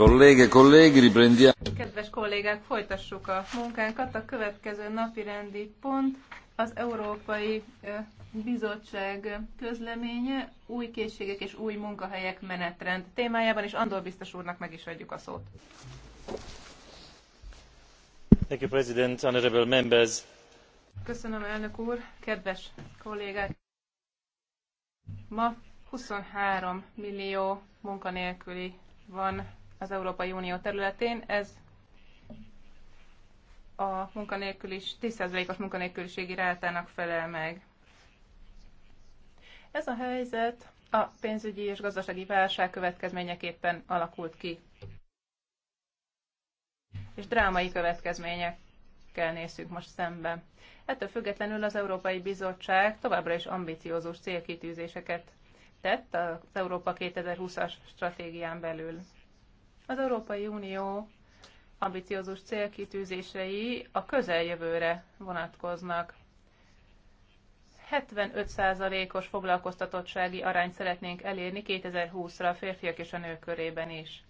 kollégi, Kedves kollégák, folytassuk a munkánkat. A következő napi rendi pont az Európai Bizottság közleménye, új készségek és új munkahelyek menetrend témájában, és Andor biztos úrnak meg is adjuk a szót. Thank you, President, honorable members. Köszönöm, elnök úr, kedves kollégák. Ma 23 millió munkanélküli van az Európai Unió területén. Ez a munkanélkülis, 10%-os munkanélküliségi rátának felel meg. Ez a helyzet a pénzügyi és gazdasági válság következményeképpen alakult ki. És drámai következményekkel nézzük most szembe. Ettől függetlenül az Európai Bizottság továbbra is ambiciózus célkitűzéseket tett az Európa 2020-as stratégián belül. Az Európai Unió ambiciózus célkitűzései a közeljövőre vonatkoznak. 75%-os foglalkoztatottsági arányt szeretnénk elérni 2020-ra a férfiak és a nők körében is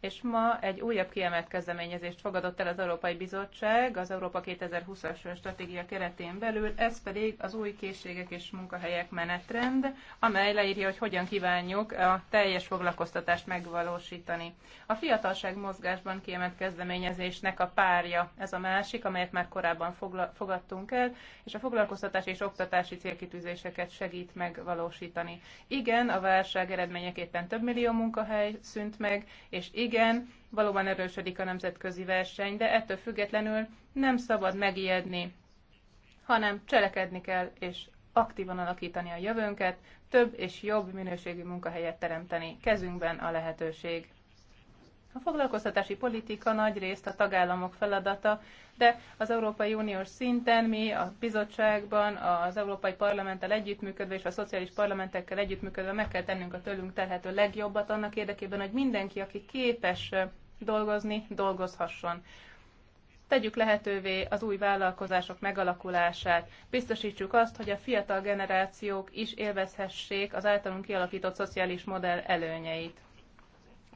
és ma egy újabb kiemelt kezdeményezést fogadott el az Európai Bizottság az Európa 2020-as stratégia keretén belül, ez pedig az új készségek és munkahelyek menetrend, amely leírja, hogy hogyan kívánjuk a teljes foglalkoztatást megvalósítani. A fiatalság mozgásban kiemelt kezdeményezésnek a párja ez a másik, amelyet már korábban fogadtunk el, és a foglalkoztatás és oktatási célkitűzéseket segít megvalósítani. Igen, a válság eredményeképpen több millió munkahely szűnt meg, és igen, igen, valóban erősödik a nemzetközi verseny, de ettől függetlenül nem szabad megijedni, hanem cselekedni kell, és aktívan alakítani a jövőnket, több és jobb minőségű munkahelyet teremteni. Kezünkben a lehetőség. A foglalkoztatási politika nagy részt a tagállamok feladata, de az Európai Uniós szinten mi a bizottságban, az Európai Parlamenttel együttműködve és a szociális parlamentekkel együttműködve meg kell tennünk a tőlünk telhető legjobbat annak érdekében, hogy mindenki, aki képes dolgozni, dolgozhasson. Tegyük lehetővé az új vállalkozások megalakulását, biztosítsuk azt, hogy a fiatal generációk is élvezhessék az általunk kialakított szociális modell előnyeit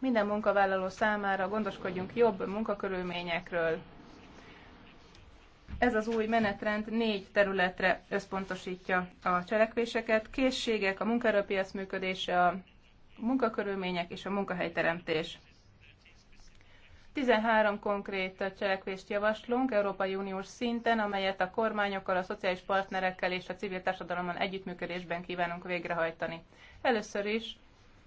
minden munkavállaló számára gondoskodjunk jobb munkakörülményekről. Ez az új menetrend négy területre összpontosítja a cselekvéseket. Készségek, a munkaerőpiac működése, a munkakörülmények és a munkahelyteremtés. 13 konkrét cselekvést javaslunk Európai Uniós szinten, amelyet a kormányokkal, a szociális partnerekkel és a civil társadalommal együttműködésben kívánunk végrehajtani. Először is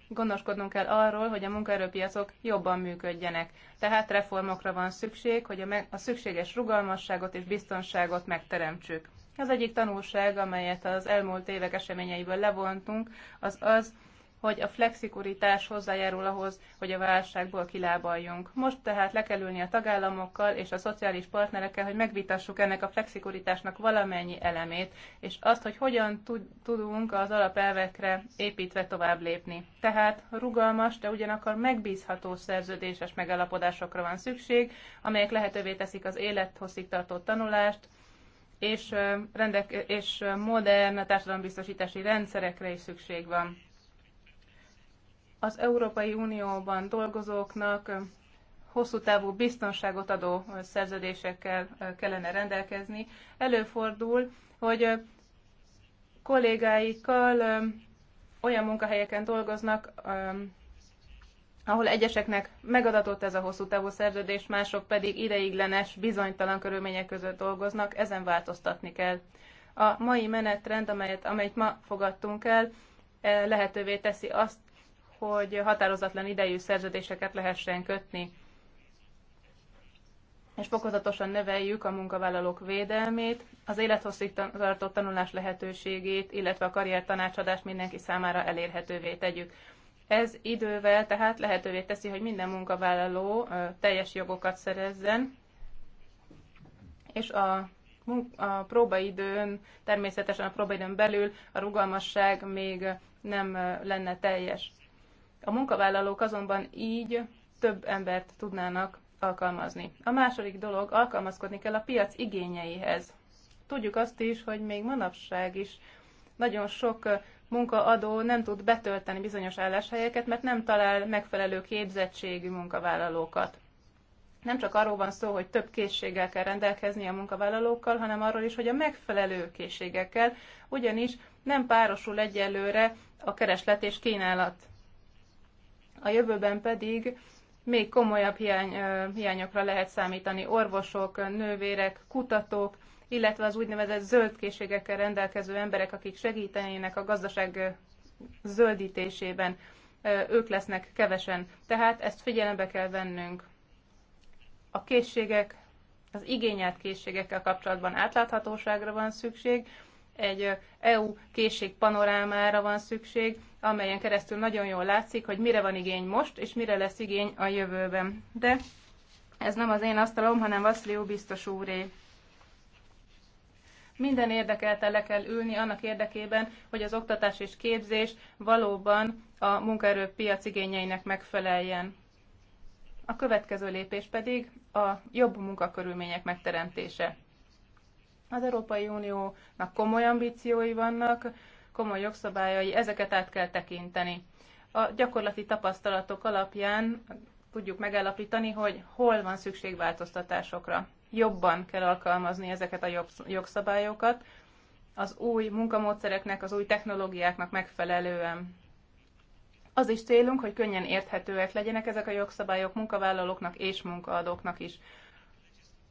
gondoskodnunk kell arról, hogy a munkaerőpiacok jobban működjenek. Tehát reformokra van szükség, hogy a, a szükséges rugalmasságot és biztonságot megteremtsük. Az egyik tanulság, amelyet az elmúlt évek eseményeiből levontunk, az az, hogy a flexikuritás hozzájárul ahhoz, hogy a válságból kilábaljunk. Most tehát le kell ülni a tagállamokkal és a szociális partnerekkel, hogy megvitassuk ennek a flexikuritásnak valamennyi elemét, és azt, hogy hogyan tudunk az alapelvekre építve tovább lépni. Tehát rugalmas, de ugyanakkor megbízható szerződéses megállapodásokra van szükség, amelyek lehetővé teszik az élethosszig tartó tanulást, és, rendek- és modern társadalombiztosítási rendszerekre is szükség van az Európai Unióban dolgozóknak hosszú távú biztonságot adó szerződésekkel kellene rendelkezni. Előfordul, hogy kollégáikkal olyan munkahelyeken dolgoznak, ahol egyeseknek megadatott ez a hosszú távú szerződés, mások pedig ideiglenes, bizonytalan körülmények között dolgoznak, ezen változtatni kell. A mai menetrend, amelyet, amelyet ma fogadtunk el, eh, lehetővé teszi azt, hogy határozatlan idejű szerződéseket lehessen kötni, és fokozatosan növeljük a munkavállalók védelmét, az élethosszígtartó tanulás lehetőségét, illetve a karrier tanácsadást mindenki számára elérhetővé tegyük. Ez idővel tehát lehetővé teszi, hogy minden munkavállaló teljes jogokat szerezzen, és a a próbaidőn, természetesen a próbaidőn belül a rugalmasság még nem lenne teljes. A munkavállalók azonban így több embert tudnának alkalmazni. A második dolog, alkalmazkodni kell a piac igényeihez. Tudjuk azt is, hogy még manapság is nagyon sok munkaadó nem tud betölteni bizonyos álláshelyeket, mert nem talál megfelelő képzettségű munkavállalókat. Nem csak arról van szó, hogy több készséggel kell rendelkezni a munkavállalókkal, hanem arról is, hogy a megfelelő készségekkel, ugyanis nem párosul egyelőre a kereslet és kínálat a jövőben pedig még komolyabb hiány, hiányokra lehet számítani. Orvosok, nővérek, kutatók, illetve az úgynevezett zöld készségekkel rendelkező emberek, akik segítenének a gazdaság zöldítésében, ők lesznek kevesen. Tehát ezt figyelembe kell vennünk. A készségek, az igényelt készségekkel kapcsolatban átláthatóságra van szükség, egy EU készség panorámára van szükség, amelyen keresztül nagyon jól látszik, hogy mire van igény most, és mire lesz igény a jövőben. De ez nem az én asztalom, hanem Vaszlió biztos úré. Minden érdekelte le kell ülni annak érdekében, hogy az oktatás és képzés valóban a munkaerőpiac igényeinek megfeleljen. A következő lépés pedig a jobb munkakörülmények megteremtése. Az Európai Uniónak komoly ambíciói vannak, komoly jogszabályai, ezeket át kell tekinteni. A gyakorlati tapasztalatok alapján tudjuk megállapítani, hogy hol van szükség változtatásokra. Jobban kell alkalmazni ezeket a jogszabályokat az új munkamódszereknek, az új technológiáknak megfelelően. Az is célunk, hogy könnyen érthetőek legyenek ezek a jogszabályok munkavállalóknak és munkaadóknak is.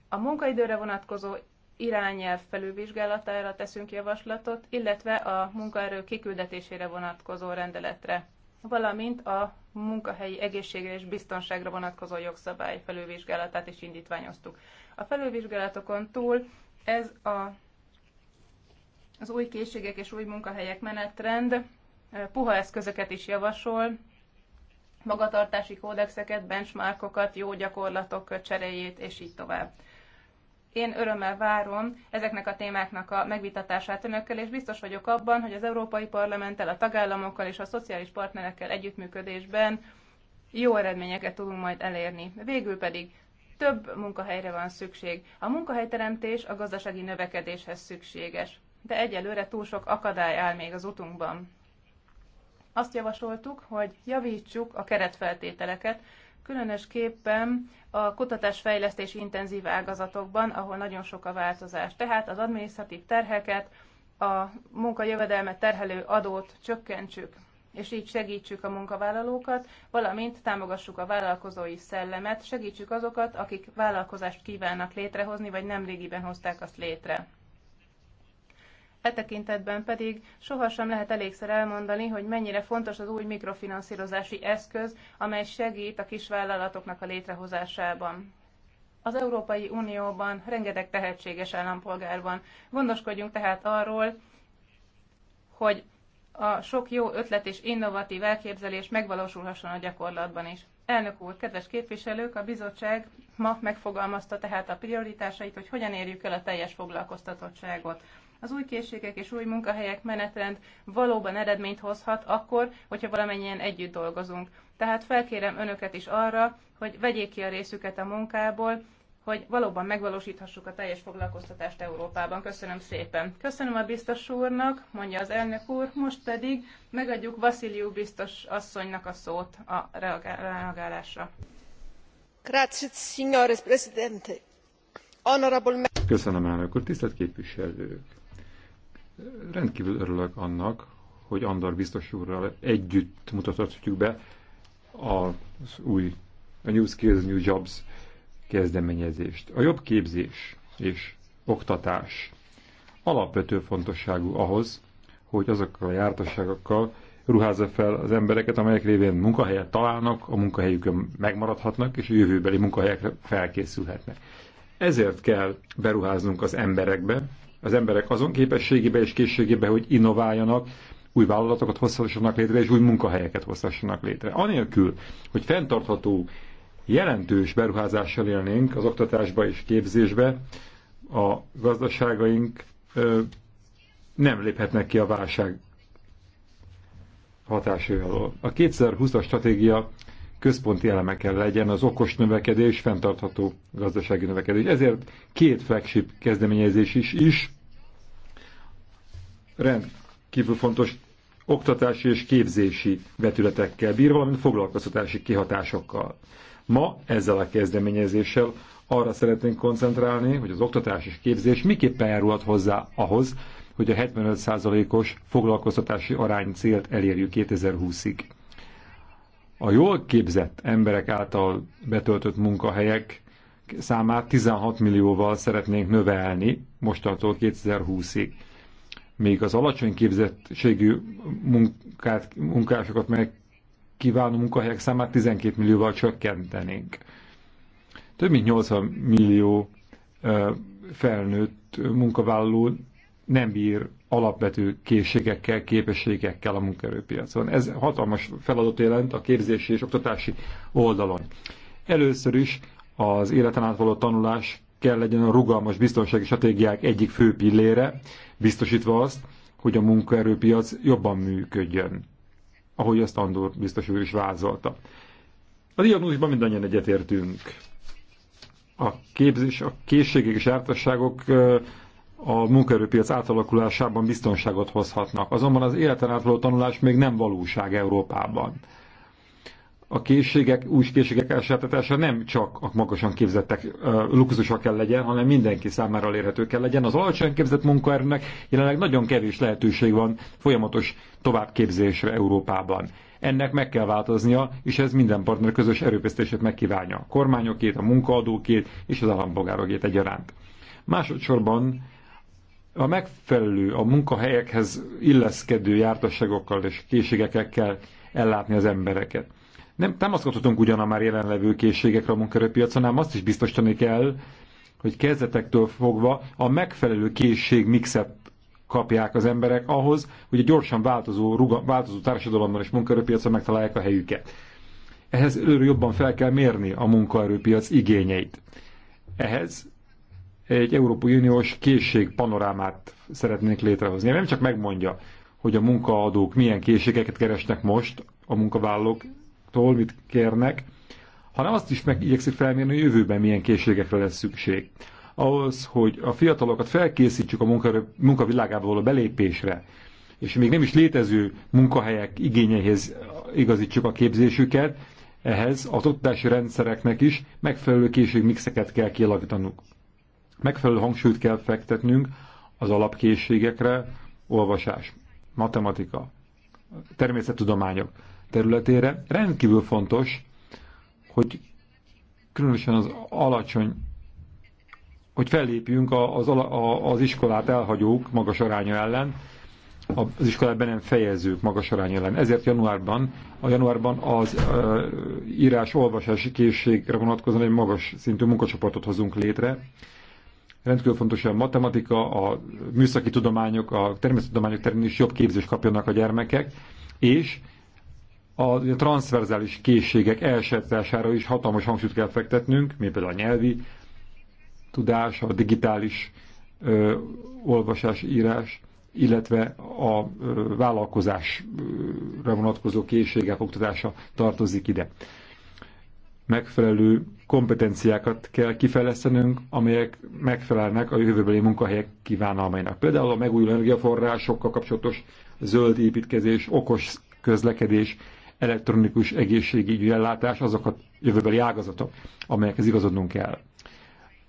A munkaidőre vonatkozó irányelv felülvizsgálatára teszünk javaslatot, illetve a munkaerő kiküldetésére vonatkozó rendeletre, valamint a munkahelyi egészségre és biztonságra vonatkozó jogszabály felülvizsgálatát is indítványoztuk. A felülvizsgálatokon túl ez a, az új készségek és új munkahelyek menetrend puha eszközöket is javasol, magatartási kódexeket, benchmarkokat, jó gyakorlatok cseréjét, és így tovább. Én örömmel várom ezeknek a témáknak a megvitatását önökkel, és biztos vagyok abban, hogy az Európai Parlamenttel, a tagállamokkal és a szociális partnerekkel együttműködésben jó eredményeket tudunk majd elérni. Végül pedig több munkahelyre van szükség. A munkahelyteremtés a gazdasági növekedéshez szükséges, de egyelőre túl sok akadály áll még az utunkban. Azt javasoltuk, hogy javítsuk a keretfeltételeket, különösképpen a kutatásfejlesztés intenzív ágazatokban, ahol nagyon sok a változás. Tehát az adminisztratív terheket, a munkajövedelmet terhelő adót csökkentsük, és így segítsük a munkavállalókat, valamint támogassuk a vállalkozói szellemet, segítsük azokat, akik vállalkozást kívánnak létrehozni, vagy nem régiben hozták azt létre. E tekintetben pedig sohasem lehet elégszer elmondani, hogy mennyire fontos az új mikrofinanszírozási eszköz, amely segít a kisvállalatoknak a létrehozásában. Az Európai Unióban rengeteg tehetséges állampolgár van. Gondoskodjunk tehát arról, hogy a sok jó ötlet és innovatív elképzelés megvalósulhasson a gyakorlatban is. Elnök úr, kedves képviselők, a bizottság ma megfogalmazta tehát a prioritásait, hogy hogyan érjük el a teljes foglalkoztatottságot. Az új készségek és új munkahelyek menetrend valóban eredményt hozhat akkor, hogyha valamennyien együtt dolgozunk. Tehát felkérem önöket is arra, hogy vegyék ki a részüket a munkából, hogy valóban megvalósíthassuk a teljes foglalkoztatást Európában. Köszönöm szépen. Köszönöm a biztos úrnak, mondja az elnök úr, most pedig megadjuk Vasziliu biztos asszonynak a szót a reagálásra. Köszönöm, elnök úr. Tisztelt képviselők! Rendkívül örülök annak, hogy Andor biztos úrral együtt mutathatjuk be az új, a New Skills, New Jobs kezdeményezést. A jobb képzés és oktatás alapvető fontosságú ahhoz, hogy azokkal a jártasságokkal ruházza fel az embereket, amelyek révén munkahelyet találnak, a munkahelyükön megmaradhatnak, és a jövőbeli munkahelyekre felkészülhetnek. Ezért kell beruháznunk az emberekbe, az emberek azon képességébe és készségébe, hogy innováljanak, új vállalatokat hozhassanak létre, és új munkahelyeket hozhassanak létre. Anélkül, hogy fenntartható, jelentős beruházással élnénk az oktatásba és képzésbe, a gazdaságaink ö, nem léphetnek ki a válság hatásával. A 2020-as stratégia központi eleme kell legyen az okos növekedés, fenntartható gazdasági növekedés. Ezért két flagship kezdeményezés is, is rendkívül fontos oktatási és képzési vetületekkel bír, valamint foglalkoztatási kihatásokkal. Ma ezzel a kezdeményezéssel arra szeretnénk koncentrálni, hogy az oktatás és képzés miképpen járulhat hozzá ahhoz, hogy a 75%-os foglalkoztatási arány célt elérjük 2020-ig. A jól képzett emberek által betöltött munkahelyek számát 16 millióval szeretnénk növelni mostantól 2020-ig még az alacsony képzettségű munkát, munkásokat meg kívánó munkahelyek számát 12 millióval csökkentenénk. Több mint 80 millió felnőtt munkavállaló nem bír alapvető készségekkel, képességekkel a munkaerőpiacon. Ez hatalmas feladat jelent a képzési és oktatási oldalon. Először is az életen át való tanulás kell legyen a rugalmas biztonsági stratégiák egyik fő pillére, biztosítva azt, hogy a munkaerőpiac jobban működjön, ahogy azt Andor biztos úr is vázolta. A diagnózisban mindannyian egyetértünk. A képzés, a készségek és ártasságok a munkaerőpiac átalakulásában biztonságot hozhatnak. Azonban az életen átvaló tanulás még nem valóság Európában a készségek, új készségek elsajátítása nem csak a magasan képzettek luxusa kell legyen, hanem mindenki számára elérhető kell legyen. Az alacsony képzett munkaerőnek jelenleg nagyon kevés lehetőség van folyamatos továbbképzésre Európában. Ennek meg kell változnia, és ez minden partner közös erőfeszítését megkívánja. A kormányokét, a munkaadókét és az állampolgárokét egyaránt. Másodszorban a megfelelő, a munkahelyekhez illeszkedő jártasságokkal és készségekkel ellátni az embereket nem támaszkodhatunk ugyan a már jelenlevő készségekre a munkerőpiacon, hanem azt is biztosítani kell, hogy kezdetektől fogva a megfelelő készség mixet kapják az emberek ahhoz, hogy a gyorsan változó, ruga, változó társadalomban és munkaerőpiacon megtalálják a helyüket. Ehhez előre jobban fel kell mérni a munkaerőpiac igényeit. Ehhez egy Európai Uniós készség panorámát szeretnénk létrehozni. Nem csak megmondja, hogy a munkaadók milyen készségeket keresnek most a munkavállalók bizottságtól mit kérnek, hanem azt is meg igyekszik felmérni, hogy jövőben milyen készségekre lesz szükség. Ahhoz, hogy a fiatalokat felkészítsük a munka, munkavilágába való belépésre, és még nem is létező munkahelyek igényeihez igazítsuk a képzésüket, ehhez a tudási rendszereknek is megfelelő készségmixeket kell kialakítanunk. Megfelelő hangsúlyt kell fektetnünk az alapkészségekre, olvasás, matematika, természettudományok, területére. Rendkívül fontos, hogy különösen az alacsony, hogy fellépjünk az, az iskolát elhagyók magas aránya ellen, az iskolában nem fejezők magas arány ellen. Ezért januárban, a januárban az uh, írás-olvasási készségre vonatkozóan egy magas szintű munkacsoportot hozunk létre. Rendkívül fontos, hogy a matematika, a műszaki tudományok, a természettudományok terén is jobb képzést kapjanak a gyermekek, és a transzverzális készségek elsajátítására is hatalmas hangsúlyt kell fektetnünk, mint például a nyelvi tudás, a digitális ö, olvasás, írás, illetve a ö, vállalkozásra vonatkozó készségek oktatása tartozik ide. Megfelelő kompetenciákat kell kifejlesztenünk, amelyek megfelelnek a jövőbeli munkahelyek kívánalmainak. Például a megújuló energiaforrásokkal kapcsolatos zöld építkezés, okos közlekedés, elektronikus egészségügyi ellátás azok a jövőbeli ágazatok, amelyekhez igazodnunk kell.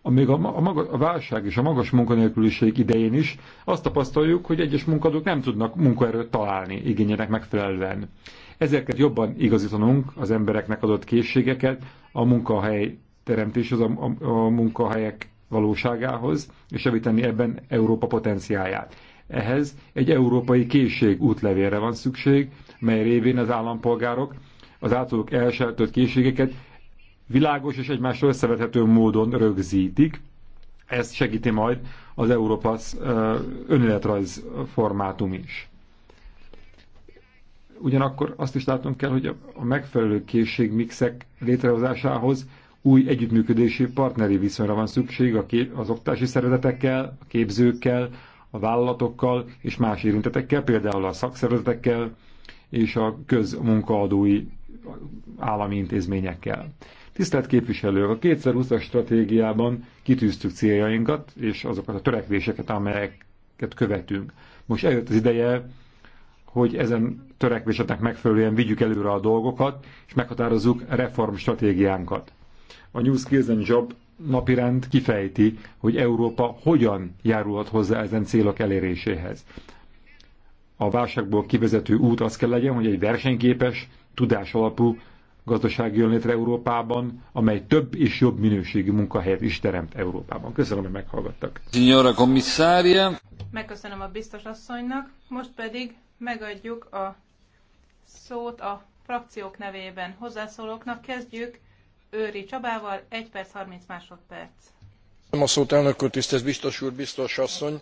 A Még a, maga, a válság és a magas munkanélküliség idején is azt tapasztaljuk, hogy egyes munkadók nem tudnak munkaerőt találni igényenek megfelelően. Ezért kell jobban igazítanunk az embereknek adott készségeket a munkahely teremtéshez, a, a, a munkahelyek valóságához, és javítani ebben Európa potenciáját. Ehhez egy európai készség útlevélre van szükség, mely révén az állampolgárok az általuk elsajátodott készségeket világos és egymásról összevethető módon rögzítik. Ezt segíti majd az Európa önéletrajz formátum is. Ugyanakkor azt is látnunk kell, hogy a megfelelő készségmixek létrehozásához új együttműködési partneri viszonyra van szükség az oktási szervezetekkel, a képzőkkel, a vállalatokkal és más érintetekkel, például a szakszervezetekkel, és a közmunkaadói állami intézményekkel. Tisztelt képviselők, a 2020-as stratégiában kitűztük céljainkat és azokat a törekvéseket, amelyeket követünk. Most eljött az ideje, hogy ezen törekvéseknek megfelelően vigyük előre a dolgokat, és meghatározzuk reformstratégiánkat. A New Skills and Job napirend kifejti, hogy Európa hogyan járulhat hozzá ezen célok eléréséhez a válságból kivezető út az kell legyen, hogy egy versenyképes, alapú gazdaság jön létre Európában, amely több és jobb minőségű munkahelyet is teremt Európában. Köszönöm, hogy meghallgattak. Signora Commissária. Megköszönöm a biztos asszonynak, most pedig megadjuk a szót a frakciók nevében hozzászólóknak. Kezdjük Őri Csabával, 1 perc 30 másodperc. Nem a szót, elnök úr, tisztelt biztos úr, biztos asszony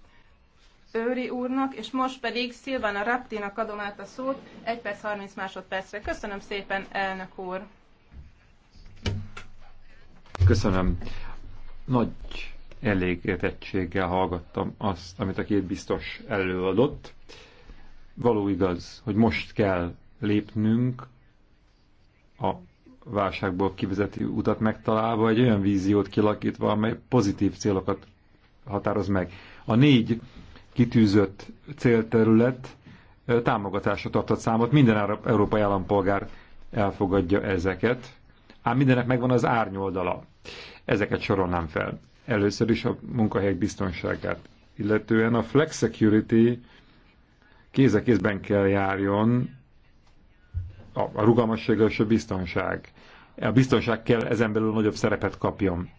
Őri úrnak, és most pedig a Raptinak adom át a szót 1 perc 30 másodpercre. Köszönöm szépen, elnök úr! Köszönöm. Nagy elégedettséggel hallgattam azt, amit a két biztos előadott. Való igaz, hogy most kell lépnünk a válságból kivezető utat megtalálva, egy olyan víziót kilakítva, amely pozitív célokat határoz meg. A négy kitűzött célterület támogatásra tartott számot. Minden európai állampolgár elfogadja ezeket, ám mindenek megvan az árnyoldala. Ezeket sorolnám fel. Először is a munkahelyek biztonságát, illetően a flex security kéz a kézben kell járjon a, a rugalmasság és a biztonság. A biztonság kell ezen belül nagyobb szerepet kapjon.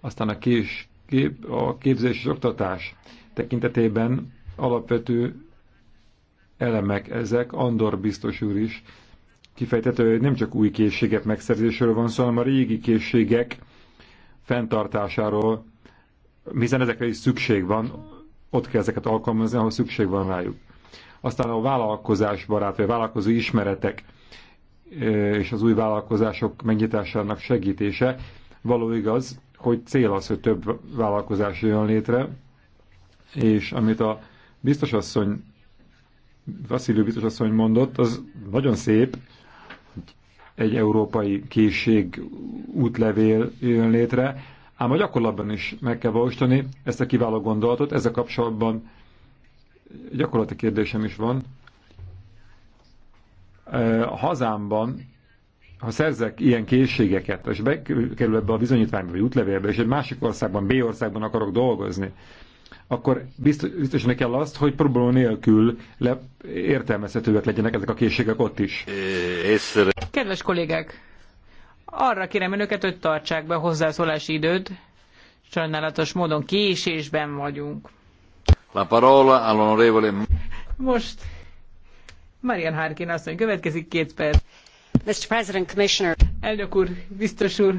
Aztán a, kés, kép, a képzés és oktatás tekintetében alapvető elemek ezek. Andor biztos úr is kifejtető, hogy nem csak új készségek megszerzéséről van szó, hanem a régi készségek fenntartásáról, hiszen ezekre is szükség van, ott kell ezeket alkalmazni, ahol szükség van rájuk. Aztán a vállalkozás barát, vagy vállalkozó ismeretek és az új vállalkozások megnyitásának segítése. Való igaz, hogy cél az, hogy több vállalkozás jön létre, és amit a biztosasszony, Vasszilő biztosasszony mondott, az nagyon szép, egy európai készség útlevél jön létre, ám a gyakorlatban is meg kell valósítani ezt a kiváló gondolatot, ezzel kapcsolatban gyakorlati kérdésem is van. E, a hazámban, ha szerzek ilyen készségeket, és bekerül ebbe a bizonyítványba, vagy útlevélbe, és egy másik országban, B országban akarok dolgozni, akkor biztos, biztosítani kell azt, hogy probléma nélkül le, értelmezhetőek legyenek ezek a készségek ott is. Kedves kollégák, arra kérem önöket, hogy tartsák be a hozzászólási időt. Sajnálatos módon késésben vagyunk. La parola all'onorevole... Most Marian Harkin asszony következik két perc. Mr. President, Commissioner. Elnök úr, biztos úr,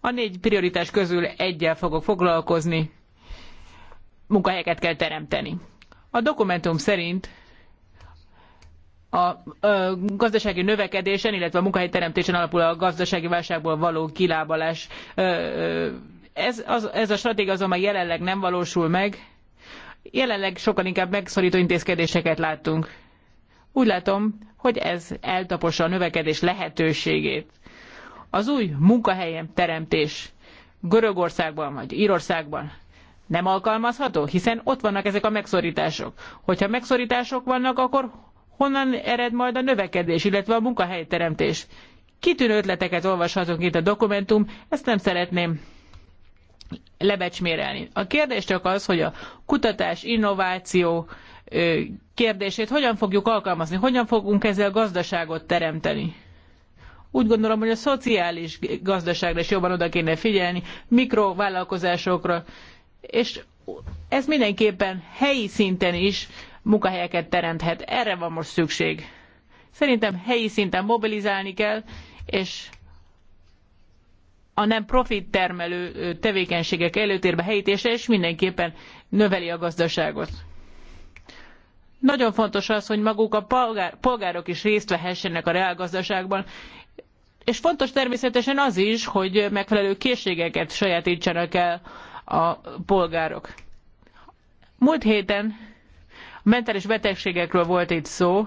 a négy prioritás közül egyel fogok foglalkozni munkahelyeket kell teremteni. A dokumentum szerint a gazdasági növekedésen, illetve a munkahelyteremtésen alapul a gazdasági válságból való kilábalás. Ez, az, ez a stratégia azonban jelenleg nem valósul meg. Jelenleg sokkal inkább megszorító intézkedéseket láttunk. Úgy látom, hogy ez eltapossa a növekedés lehetőségét. Az új munkahelyem teremtés Görögországban vagy Írországban nem alkalmazható, hiszen ott vannak ezek a megszorítások. Hogyha megszorítások vannak, akkor honnan ered majd a növekedés, illetve a munkahelyteremtés? Kitűnő ötleteket olvashatunk itt a dokumentum, ezt nem szeretném lebecsmérelni. A kérdés csak az, hogy a kutatás, innováció kérdését hogyan fogjuk alkalmazni, hogyan fogunk ezzel gazdaságot teremteni. Úgy gondolom, hogy a szociális gazdaságra is jobban oda kéne figyelni, mikrovállalkozásokra, és ez mindenképpen helyi szinten is munkahelyeket teremthet. Erre van most szükség. Szerintem helyi szinten mobilizálni kell, és a nem profit termelő tevékenységek előtérbe helyítése, és mindenképpen növeli a gazdaságot. Nagyon fontos az, hogy maguk a polgárok is részt vehessenek a reálgazdaságban, és fontos természetesen az is, hogy megfelelő készségeket sajátítsanak el a polgárok. Múlt héten a mentális betegségekről volt itt szó,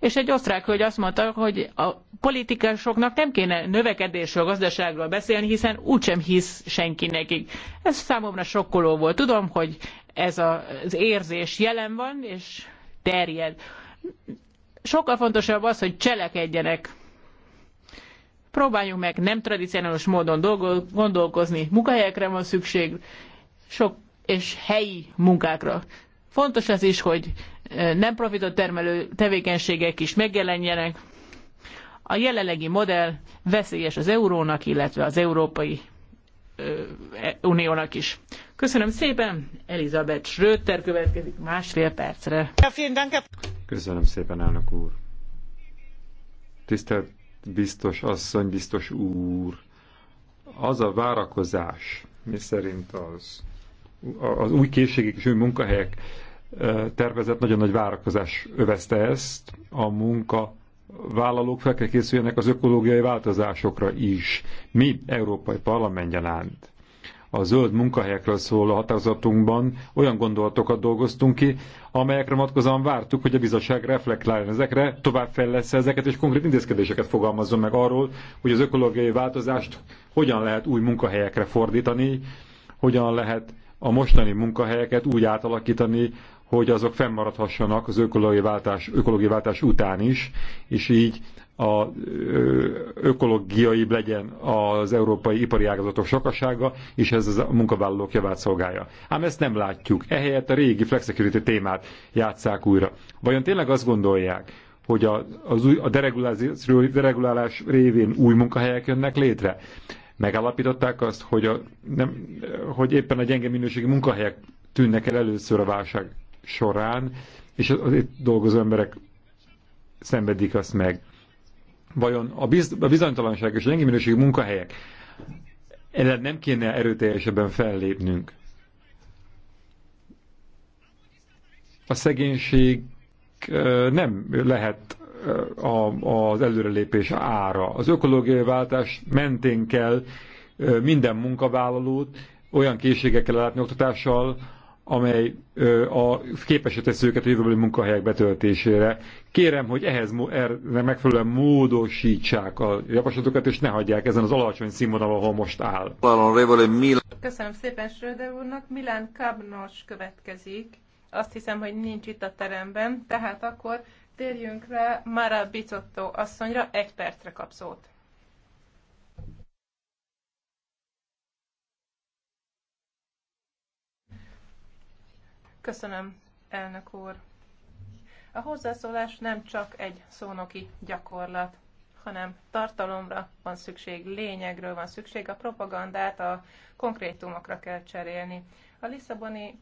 és egy osztrák hölgy azt mondta, hogy a politikusoknak nem kéne növekedésről, gazdaságról beszélni, hiszen úgysem hisz senki nekik. Ez számomra sokkoló volt. Tudom, hogy ez az érzés jelen van, és terjed. Sokkal fontosabb az, hogy cselekedjenek Próbáljunk meg nem tradicionális módon gondolkozni. Munkahelyekre van szükség, sok és helyi munkákra. Fontos az is, hogy nem profitot termelő tevékenységek is megjelenjenek. A jelenlegi modell veszélyes az eurónak, illetve az Európai e-, Uniónak is. Köszönöm szépen, Elizabeth Schröter következik másfél percre. Köszönöm szépen, elnök úr. Tisztelt biztos asszony, biztos úr, az a várakozás, mi szerint az, az új készségek és új munkahelyek eh, tervezett nagyon nagy várakozás övezte ezt, a munka vállalók fel kell készüljenek az ökológiai változásokra is. Mi, Európai Parlamentjen ánt, a zöld munkahelyekről szóló határozatunkban olyan gondolatokat dolgoztunk ki, amelyekre vonatkozóan vártuk, hogy a bizottság reflektáljon ezekre, tovább továbbfejlesz ezeket, és konkrét intézkedéseket fogalmazzon meg arról, hogy az ökológiai változást hogyan lehet új munkahelyekre fordítani, hogyan lehet a mostani munkahelyeket úgy átalakítani, hogy azok fennmaradhassanak az ökológiai váltás, ökológiai váltás után is, és így a ökológiai legyen az európai ipari ágazatok sokasága, és ez a munkavállalók javát szolgálja. Ám ezt nem látjuk. Ehelyett a régi flexicurity témát játszák újra. Vajon tényleg azt gondolják, hogy a, az új, a dereguláció, deregulálás révén új munkahelyek jönnek létre? Megállapították azt, hogy, a, nem, hogy éppen a gyenge minőségi munkahelyek tűnnek el először a válság során, és az itt dolgozó emberek szenvedik azt meg. Vajon a, biz, a bizonytalanság és a gyengi minőségű munkahelyek ellen nem kéne erőteljesebben fellépnünk? A szegénység nem lehet a, az előrelépés ára. Az ökológiai váltás mentén kell minden munkavállalót olyan készségekkel látni oktatással, amely a képesé teszi őket a jövőbeli munkahelyek betöltésére. Kérem, hogy ehhez erre megfelelően módosítsák a javaslatokat, és ne hagyják ezen az alacsony színvonalon, ahol most áll. Köszönöm szépen Schröder úrnak. Milán Kabnos következik. Azt hiszem, hogy nincs itt a teremben, tehát akkor térjünk rá Mara Bicotto asszonyra, egy percre kap szót. Köszönöm, elnök úr. A hozzászólás nem csak egy szónoki gyakorlat, hanem tartalomra van szükség, lényegről van szükség, a propagandát a konkrétumokra kell cserélni. A Lisszaboni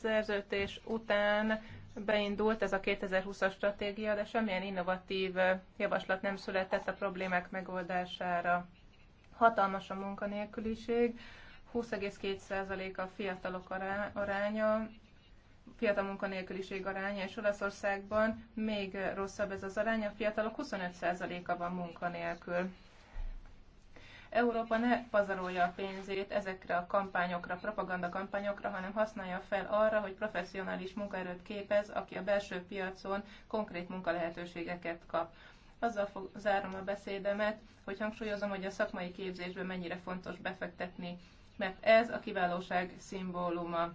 szerződés után beindult ez a 2020-as stratégia, de semmilyen innovatív javaslat nem született a problémák megoldására. Hatalmas a munkanélküliség, 20,2% a fiatalok aránya, fiatal munkanélküliség aránya, és Olaszországban még rosszabb ez az arány, a fiatalok 25%-a van munkanélkül. Európa ne pazarolja a pénzét ezekre a kampányokra, propaganda kampányokra, hanem használja fel arra, hogy professzionális munkaerőt képez, aki a belső piacon konkrét munkalehetőségeket kap. Azzal fog, zárom a beszédemet, hogy hangsúlyozom, hogy a szakmai képzésben mennyire fontos befektetni mert ez a kiválóság szimbóluma.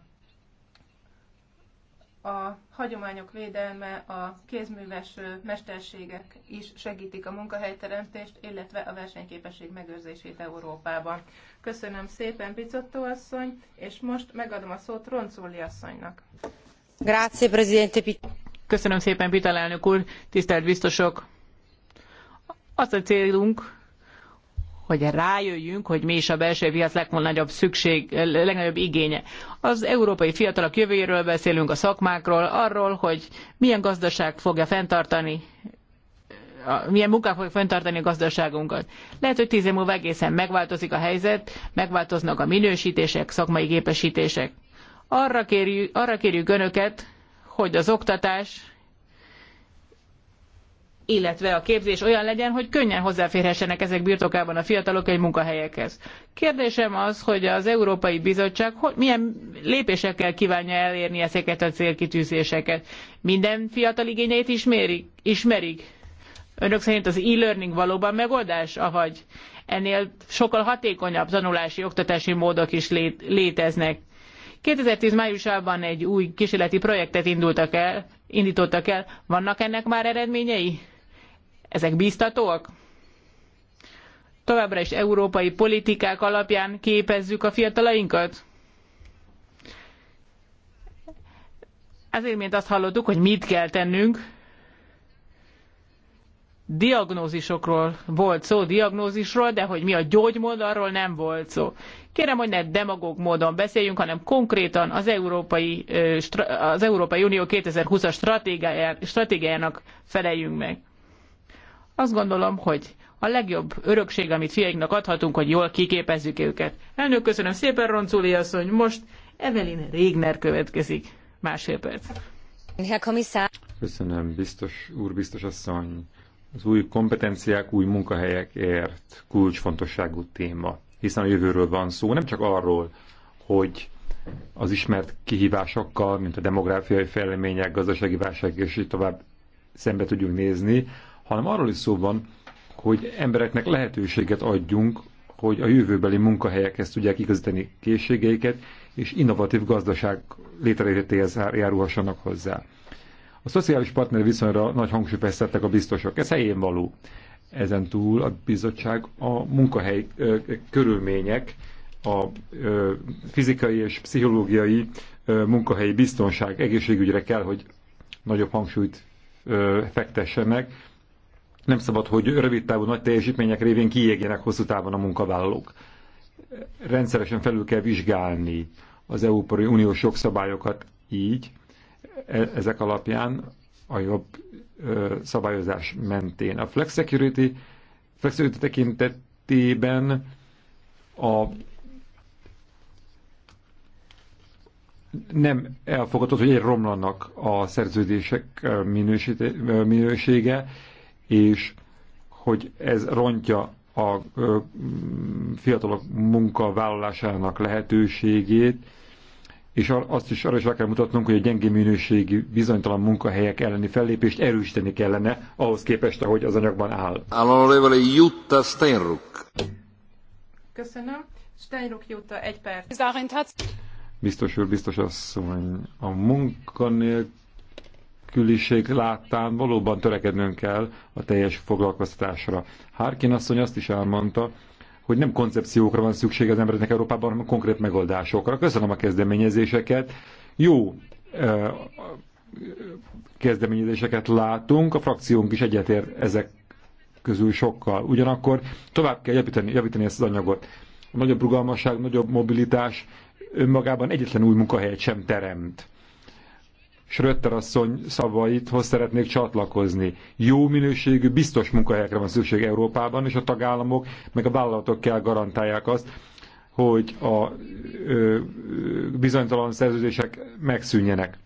A hagyományok védelme, a kézműves mesterségek is segítik a munkahelyteremtést, illetve a versenyképesség megőrzését Európában. Köszönöm szépen, Picotto asszony, és most megadom a szót Roncoli asszonynak. Grazie, Presidente Köszönöm szépen, Vital elnök úr, tisztelt biztosok! azt a célunk, hogy rájöjjünk, hogy mi is a belső piac legnagyobb szükség, legnagyobb igénye. Az európai fiatalok jövőjéről beszélünk, a szakmákról, arról, hogy milyen gazdaság fogja fenntartani milyen munkák fogja fenntartani a gazdaságunkat. Lehet, hogy tíz év múlva egészen megváltozik a helyzet, megváltoznak a minősítések, szakmai képesítések. Arra kérjük, arra kérjük önöket, hogy az oktatás illetve a képzés olyan legyen, hogy könnyen hozzáférhessenek ezek birtokában a fiatalok egy munkahelyekhez. Kérdésem az, hogy az Európai Bizottság hogy milyen lépésekkel kívánja elérni ezeket a célkitűzéseket. Minden fiatal igényeit ismerik? ismerik? Önök szerint az e-learning valóban megoldás, avagy ennél sokkal hatékonyabb tanulási, oktatási módok is lé léteznek. 2010 májusában egy új kísérleti projektet indultak el, indítottak el. Vannak ennek már eredményei? Ezek biztatóak. Továbbra is európai politikák alapján képezzük a fiatalainkat? Ezért mint azt hallottuk, hogy mit kell tennünk. Diagnózisokról volt szó, diagnózisról, de hogy mi a gyógymód, arról nem volt szó. Kérem, hogy ne demagóg módon beszéljünk, hanem konkrétan az Európai, az Európai Unió 2020-as stratégiájának feleljünk meg. Azt gondolom, hogy a legjobb örökség, amit fiainknak adhatunk, hogy jól kiképezzük őket. Elnök, köszönöm szépen, Roncúli asszony. Most Evelyn Régner következik. Másfél perc. Köszönöm, biztos úr, biztos asszony. Az új kompetenciák, új munkahelyekért kulcsfontosságú téma, hiszen a jövőről van szó, nem csak arról, hogy az ismert kihívásokkal, mint a demográfiai fejlemények, gazdasági válság és így tovább szembe tudjunk nézni, hanem arról is szó van, hogy embereknek lehetőséget adjunk, hogy a jövőbeli munkahelyekhez tudják igazítani készségeiket, és innovatív gazdaság létrejöttéhez járulhassanak hozzá. A szociális partner viszonyra nagy hangsúlyt fesztettek a biztosok. Ez helyén való. Ezen túl a bizottság a munkahely ö, körülmények, a ö, fizikai és pszichológiai ö, munkahelyi biztonság egészségügyre kell, hogy nagyobb hangsúlyt ö, fektessenek, nem szabad, hogy rövid távú nagy teljesítmények révén kiégjenek hosszú távon a munkavállalók. Rendszeresen felül kell vizsgálni az Európai Uniós jogszabályokat így, e, ezek alapján a jobb szabályozás mentén. A flex security, flex security tekintetében a nem elfogadott, hogy egy romlanak a szerződések minősége, és hogy ez rontja a fiatalok munkavállalásának lehetőségét, és azt is arra is kell mutatnunk, hogy a gyengé minőségi bizonytalan munkahelyek elleni fellépést erősíteni kellene, ahhoz képest, ahogy az anyagban áll. Jutta Steinruck. Köszönöm. Steinruck Jutta, egy perc. Biztos úr, biztos asszony, a munkanélkül nélküliség láttán valóban törekednünk kell a teljes foglalkoztatásra. Harkin asszony azt is elmondta, hogy nem koncepciókra van szükség az embereknek Európában, hanem konkrét megoldásokra. Köszönöm a kezdeményezéseket. Jó eh, kezdeményezéseket látunk, a frakciónk is egyetért ezek közül sokkal. Ugyanakkor tovább kell javítani, javítani ezt az anyagot. A nagyobb rugalmasság, nagyobb mobilitás önmagában egyetlen új munkahelyet sem teremt. Schröter asszony szavaithoz szeretnék csatlakozni. Jó minőségű, biztos munkahelyekre van szükség Európában, és a tagállamok meg a vállalatok kell garantálják azt, hogy a ö, bizonytalan szerződések megszűnjenek.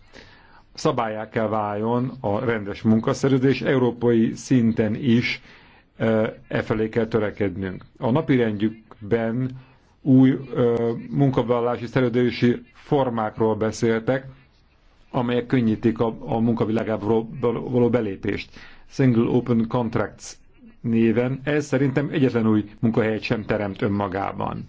Szabályá kell váljon a rendes munkaszerződés, európai szinten is ö, e felé kell törekednünk. A napirendjükben új ö, munkavállalási szerződési formákról beszéltek, amelyek könnyítik a, a munkavilágába való belépést. Single Open Contracts néven. Ez szerintem egyetlen új munkahelyet sem teremt önmagában.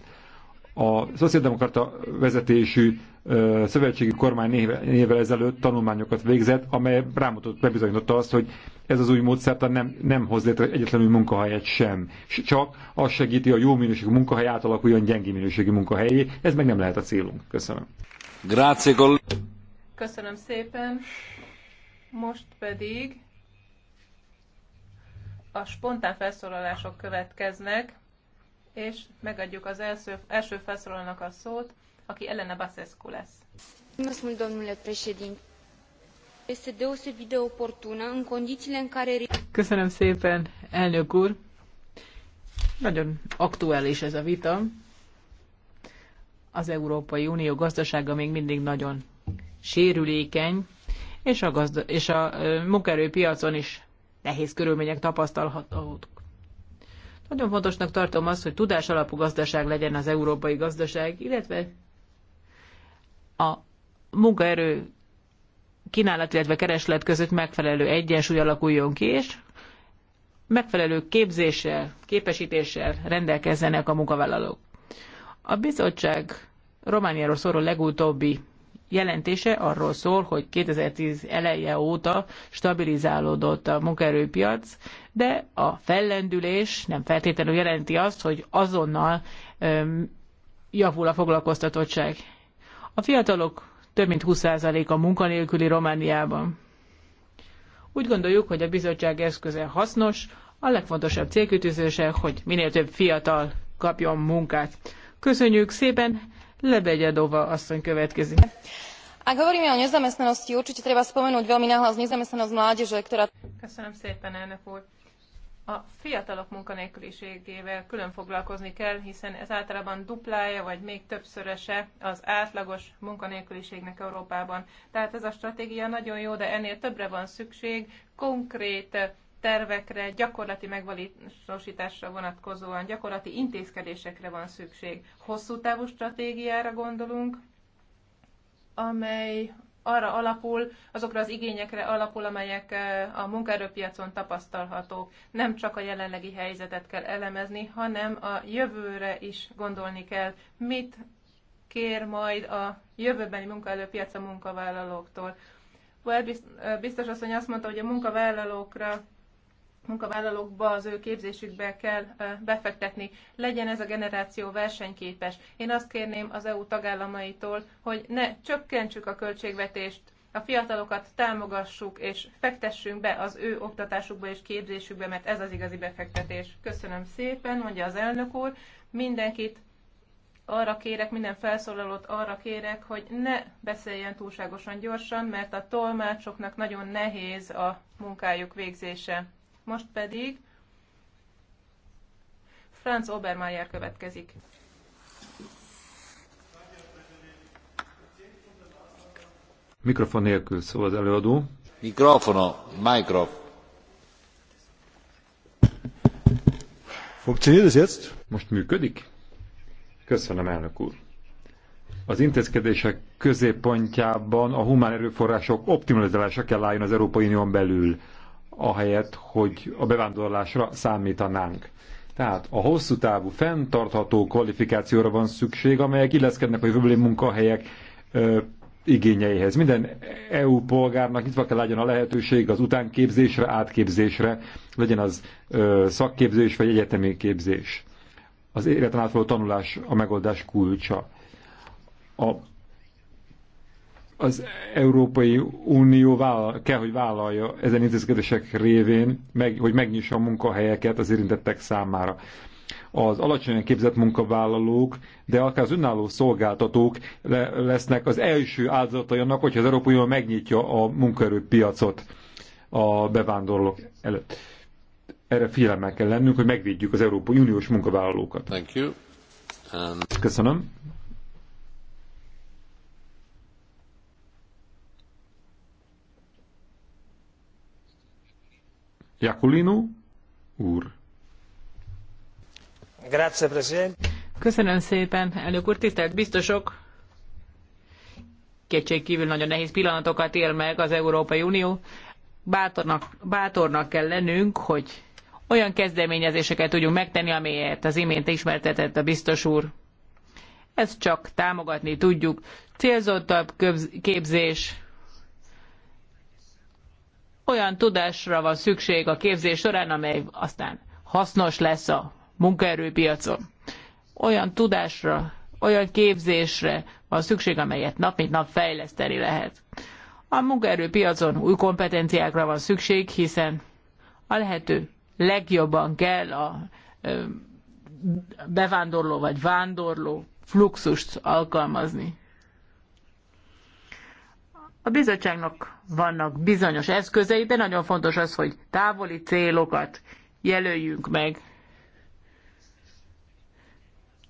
A szociáldemokrata vezetésű ö, szövetségi kormány névvel ezelőtt tanulmányokat végzett, amely rámutatott, bebizonyította azt, hogy ez az új módszertan nem, nem hoz létre egyetlen új munkahelyet sem. Csak az segíti, a jó minőségű munkahely átalakuljon gyengi minőségű munkahelyé. Ez meg nem lehet a célunk. Köszönöm. Grazie, Köszönöm szépen. Most pedig a spontán felszólalások következnek, és megadjuk az első, első felszólalónak a szót, aki Elena Basescu lesz. Mulțumesc, domnule președinte. Este deosebit de oportună în condițiile în care... Köszönöm szépen, elnök úr. Nagyon aktuális ez a vita. Az Európai Unió gazdasága még mindig nagyon sérülékeny, és a, gazda, és a munkerőpiacon is nehéz körülmények tapasztalhatók. Nagyon fontosnak tartom azt, hogy tudás alapú gazdaság legyen az európai gazdaság, illetve a munkaerő kínálat, illetve kereslet között megfelelő egyensúly alakuljon ki, és megfelelő képzéssel, képesítéssel rendelkezzenek a munkavállalók. A bizottság Romániáról szóló legutóbbi jelentése arról szól, hogy 2010 eleje óta stabilizálódott a munkaerőpiac, de a fellendülés nem feltétlenül jelenti azt, hogy azonnal javul a foglalkoztatottság. A fiatalok több mint 20%-a munkanélküli Romániában. Úgy gondoljuk, hogy a bizottság eszköze hasznos, a legfontosabb célkütőzése, hogy minél több fiatal kapjon munkát. Köszönjük szépen! Lebegyedova asszony következik. Ak hovoríme o nezamestnanosti, určite treba spomenúť veľmi nahlas nezamestnanosť mládeže, ktorá... Köszönöm szépen, elnök úr. A fiatalok munkanélküliségével külön foglalkozni kell, hiszen ez általában duplája vagy még többszöröse az átlagos munkanélküliségnek Európában. Tehát ez a stratégia nagyon jó, de ennél többre van szükség, konkrét tervekre, gyakorlati megvalósításra vonatkozóan, gyakorlati intézkedésekre van szükség. Hosszú távú stratégiára gondolunk, amely arra alapul, azokra az igényekre alapul, amelyek eh, a munkaerőpiacon tapasztalhatók. Nem csak a jelenlegi helyzetet kell elemezni, hanem a jövőre is gondolni kell, mit kér majd a jövőbeni munkaerőpiac a munkavállalóktól. Well, eh, biztos asszony azt mondta, hogy a munkavállalókra munkavállalókba, az ő képzésükbe kell befektetni. Legyen ez a generáció versenyképes. Én azt kérném az EU tagállamaitól, hogy ne csökkentsük a költségvetést, a fiatalokat támogassuk és fektessünk be az ő oktatásukba és képzésükbe, mert ez az igazi befektetés. Köszönöm szépen, mondja az elnök úr. Mindenkit arra kérek, minden felszólalót arra kérek, hogy ne beszéljen túlságosan gyorsan, mert a tolmácsoknak nagyon nehéz a munkájuk végzése. Most pedig Franz Obermeier következik. Mikrofon nélkül szól az előadó. Mikrofono, mikrof. Funktioniert ez? jetzt? Most működik? Köszönöm, elnök úr. Az intézkedések középpontjában a humán erőforrások optimalizálása kell álljon az Európai Unión belül ahelyett, hogy a bevándorlásra számítanánk. Tehát a hosszú távú, fenntartható kvalifikációra van szükség, amelyek illeszkednek a jövőbeli munkahelyek ö, igényeihez. Minden EU polgárnak nyitva kell legyen a lehetőség az utánképzésre, átképzésre, legyen az ö, szakképzés vagy egyetemi képzés. Az életen átvaló tanulás a megoldás kulcsa. A az Európai Unió vállal, kell, hogy vállalja ezen intézkedések révén, meg, hogy megnyissa a munkahelyeket az érintettek számára. Az alacsonyan képzett munkavállalók, de akár az önálló szolgáltatók le, lesznek az első áldozatai annak, hogyha az Európai Unió megnyitja a munkaerőpiacot a bevándorlók előtt. Erre figyelemmel kell lennünk, hogy megvédjük az Európai Uniós munkavállalókat. Thank you. And... Köszönöm. Jakulinu úr. Grazie, President. Köszönöm szépen, elnök úr, tisztelt biztosok! Kétségkívül nagyon nehéz pillanatokat él meg az Európai Unió. Bátornak, bátornak kell lennünk, hogy olyan kezdeményezéseket tudjunk megtenni, amelyet az imént ismertetett a biztos úr. Ezt csak támogatni tudjuk. Célzottabb képzés, olyan tudásra van szükség a képzés során, amely aztán hasznos lesz a munkaerőpiacon. Olyan tudásra, olyan képzésre van szükség, amelyet nap mint nap fejleszteni lehet. A munkaerőpiacon új kompetenciákra van szükség, hiszen a lehető legjobban kell a bevándorló vagy vándorló fluxust alkalmazni. A bizottságnak vannak bizonyos eszközei, de nagyon fontos az, hogy távoli célokat jelöljünk meg.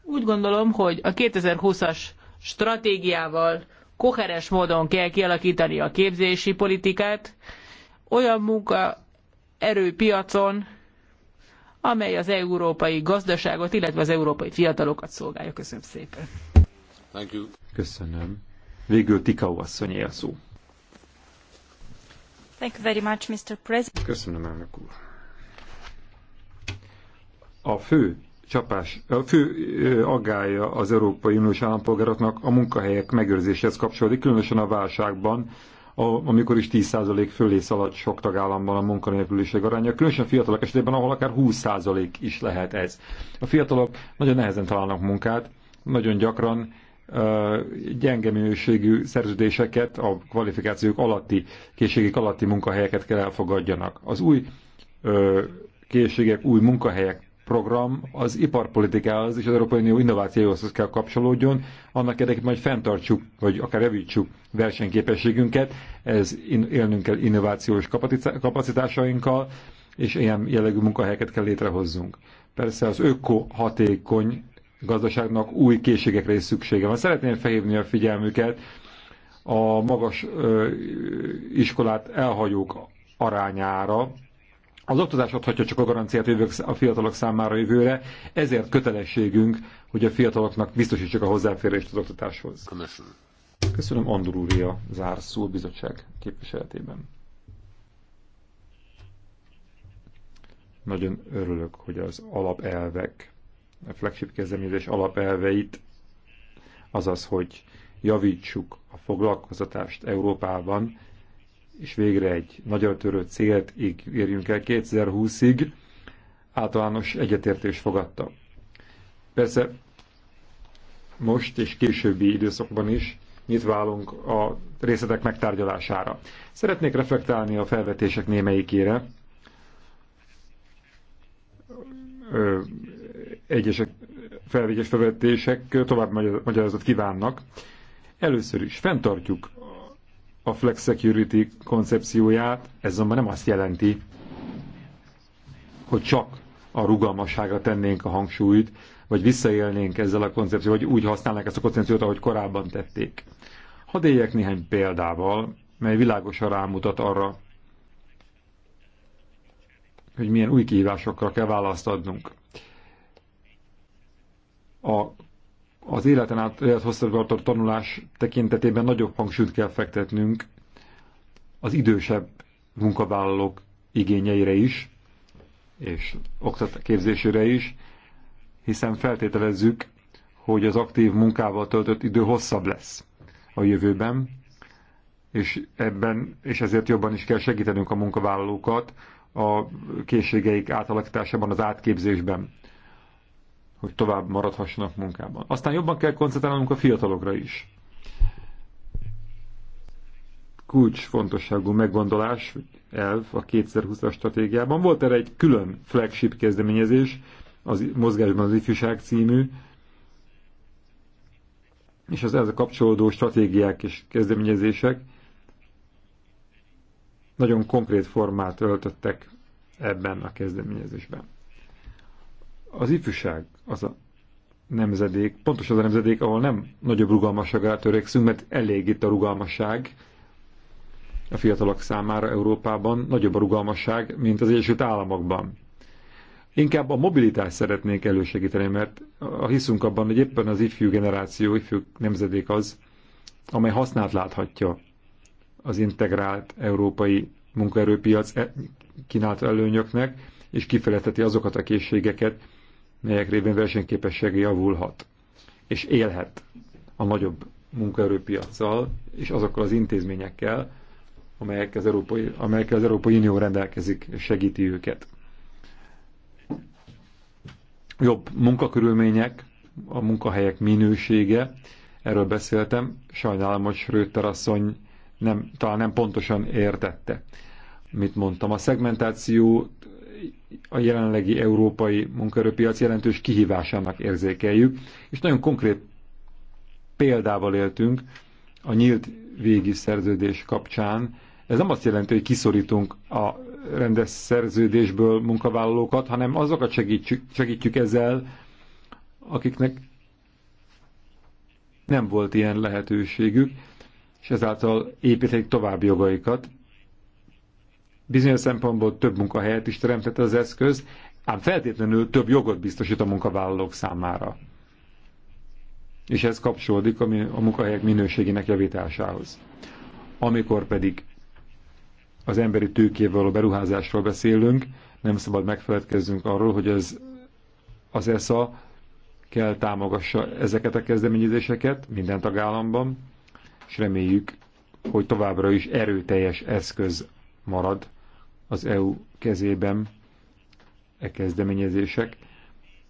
Úgy gondolom, hogy a 2020-as stratégiával koherens módon kell kialakítani a képzési politikát, olyan munka erőpiacon, amely az európai gazdaságot, illetve az európai fiatalokat szolgálja. Köszönöm szépen. Köszönöm. Végül Tikau asszony él szó. Thank you very much, Mr. President. Köszönöm, elnök úr. A fő csapás, a fő aggája az Európai Uniós állampolgároknak a munkahelyek megőrzéshez kapcsolódik, különösen a válságban, amikor is 10% fölé szaladt sok tagállamban a munkanélküliség aránya, különösen a fiatalok esetében, ahol akár 20% is lehet ez. A fiatalok nagyon nehezen találnak munkát, nagyon gyakran gyenge minőségű szerződéseket, a kvalifikációk alatti, készségek alatti munkahelyeket kell elfogadjanak. Az új készségek, új munkahelyek program az iparpolitikához és az Európai Unió innovációhoz kell kapcsolódjon, annak érdekében, hogy fenntartsuk, vagy akár javítsuk versenyképességünket, ez élnünk kell innovációs kapacitásainkkal, és ilyen jellegű munkahelyeket kell létrehozzunk. Persze az öko hatékony gazdaságnak új készségekre is szüksége van. Szeretném felhívni a figyelmüket a magas iskolát elhagyók arányára. Az oktatás adhatja csak a garanciát a fiatalok számára jövőre, ezért kötelességünk, hogy a fiataloknak biztosítsuk a hozzáférést az oktatáshoz. Köszönöm Andor úria zárszó bizottság képviseletében. Nagyon örülök, hogy az alapelvek a flagship kezdeményezés alapelveit, azaz, hogy javítsuk a foglalkoztatást Európában, és végre egy nagyon törő célt érjünk el 2020-ig, általános egyetértés fogadta. Persze most és későbbi időszakban is nyitva állunk a részletek megtárgyalására. Szeretnék reflektálni a felvetések némelyikére egyesek felvegyes felvetések tovább magyarázat kívánnak. Először is fenntartjuk a Flex Security koncepcióját, ez azonban nem azt jelenti, hogy csak a rugalmasságra tennénk a hangsúlyt, vagy visszaélnénk ezzel a koncepcióval, vagy úgy használnánk ezt a koncepciót, ahogy korábban tették. Hadd éljek néhány példával, mely világosan rámutat arra, hogy milyen új kihívásokra kell választ adnunk a, az életen át élet hosszabb tanulás tekintetében nagyobb hangsúlyt kell fektetnünk az idősebb munkavállalók igényeire is, és oktatóképzésére is, hiszen feltételezzük, hogy az aktív munkával töltött idő hosszabb lesz a jövőben, és ebben, és ezért jobban is kell segítenünk a munkavállalókat a készségeik átalakításában, az átképzésben hogy tovább maradhassanak munkában. Aztán jobban kell koncentrálnunk a fiatalokra is. Kulcsfontosságú meggondolás, elv a 2020-as stratégiában. Volt erre egy külön flagship kezdeményezés, az mozgásban az ifjúság című, és az ezzel kapcsolódó stratégiák és kezdeményezések nagyon konkrét formát öltöttek ebben a kezdeményezésben. Az ifjúság az a nemzedék, pontosan az a nemzedék, ahol nem nagyobb rugalmasságra törekszünk, mert elég itt a rugalmasság a fiatalok számára Európában, nagyobb a rugalmasság, mint az Egyesült Államokban. Inkább a mobilitást szeretnék elősegíteni, mert hiszünk abban, hogy éppen az ifjú generáció, ifjú nemzedék az, amely hasznát láthatja az integrált európai munkaerőpiac e- kínált előnyöknek, és kifejezheti azokat a készségeket, melyek révén versenyképessége javulhat és élhet a nagyobb munkaerőpiacsal és azokkal az intézményekkel, amelyek az Európai, amelyek az Európai Unió rendelkezik, és segíti őket. Jobb munkakörülmények, a munkahelyek minősége, erről beszéltem, sajnálom, hogy Schröter asszony nem, talán nem pontosan értette, mit mondtam. A szegmentációt a jelenlegi európai munkaerőpiac jelentős kihívásának érzékeljük, és nagyon konkrét példával éltünk a nyílt végi szerződés kapcsán. Ez nem azt jelenti, hogy kiszorítunk a rendes szerződésből munkavállalókat, hanem azokat segítjük, segítjük ezzel, akiknek nem volt ilyen lehetőségük, és ezáltal építik tovább jogaikat, Bizonyos szempontból több munkahelyet is teremtett az eszköz, ám feltétlenül több jogot biztosít a munkavállalók számára. És ez kapcsolódik a, a munkahelyek minőségének javításához. Amikor pedig az emberi tőkével a beruházásról beszélünk, nem szabad megfeledkezzünk arról, hogy ez, az ESA kell támogassa ezeket a kezdeményezéseket minden tagállamban, és reméljük, hogy továbbra is erőteljes eszköz marad az EU kezében e kezdeményezések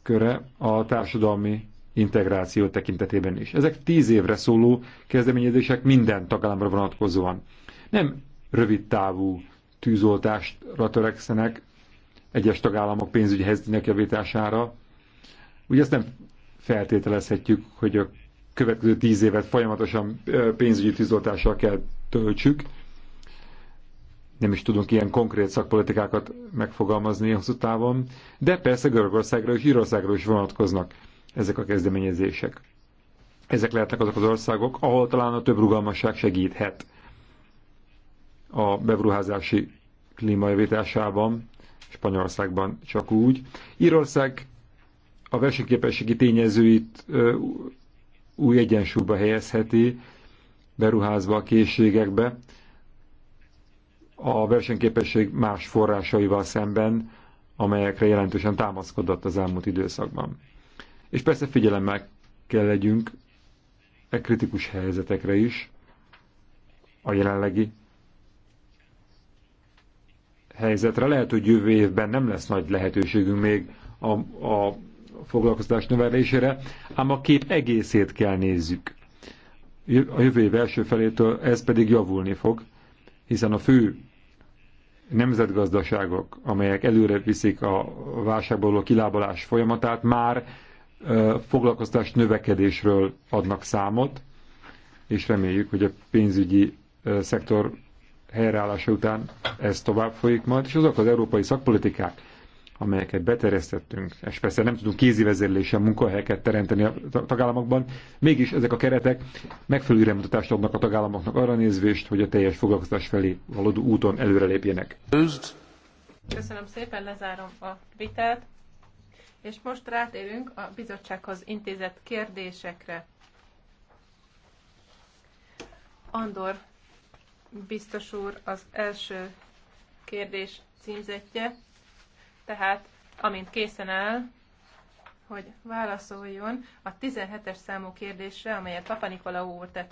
köre a társadalmi integráció tekintetében is. Ezek tíz évre szóló kezdeményezések minden tagállamra vonatkozóan. Nem rövid távú tűzoltásra törekszenek, egyes tagállamok pénzügyi helyzetének javítására. Ugye ezt nem feltételezhetjük, hogy a következő tíz évet folyamatosan pénzügyi tűzoltással kell töltsük, nem is tudunk ilyen konkrét szakpolitikákat megfogalmazni hosszú távon, de persze Görögországra és Írországra is vonatkoznak ezek a kezdeményezések. Ezek lehetnek azok az országok, ahol talán a több rugalmasság segíthet a bevruházási klímajavításában, Spanyolországban csak úgy. Írország a versenyképességi tényezőit új egyensúlyba helyezheti, beruházva a készségekbe, a versenyképesség más forrásaival szemben, amelyekre jelentősen támaszkodott az elmúlt időszakban. És persze figyelemmel kell legyünk e kritikus helyzetekre is, a jelenlegi helyzetre. Lehet, hogy jövő évben nem lesz nagy lehetőségünk még a, a foglalkoztatás növelésére, ám a kép egészét kell nézzük. A jövő év első felétől ez pedig javulni fog, hiszen a fő nemzetgazdaságok, amelyek előre viszik a válságból a kilábalás folyamatát, már foglalkoztás növekedésről adnak számot, és reméljük, hogy a pénzügyi szektor helyreállása után ez tovább folyik majd, és azok az európai szakpolitikák, amelyeket beteresztettünk, és persze nem tudunk kézi vezérlésen munkahelyeket teremteni a tagállamokban, mégis ezek a keretek megfelelő iránymutatást adnak a tagállamoknak arra nézvést, hogy a teljes foglalkoztás felé valódó úton előrelépjenek. Köszönöm szépen, lezárom a vitát, és most rátérünk a bizottsághoz intézett kérdésekre. Andor biztos úr az első kérdés címzetje. Tehát, amint készen áll, hogy válaszoljon a 17-es számú kérdésre, amelyet Papa Nikolaou úr tett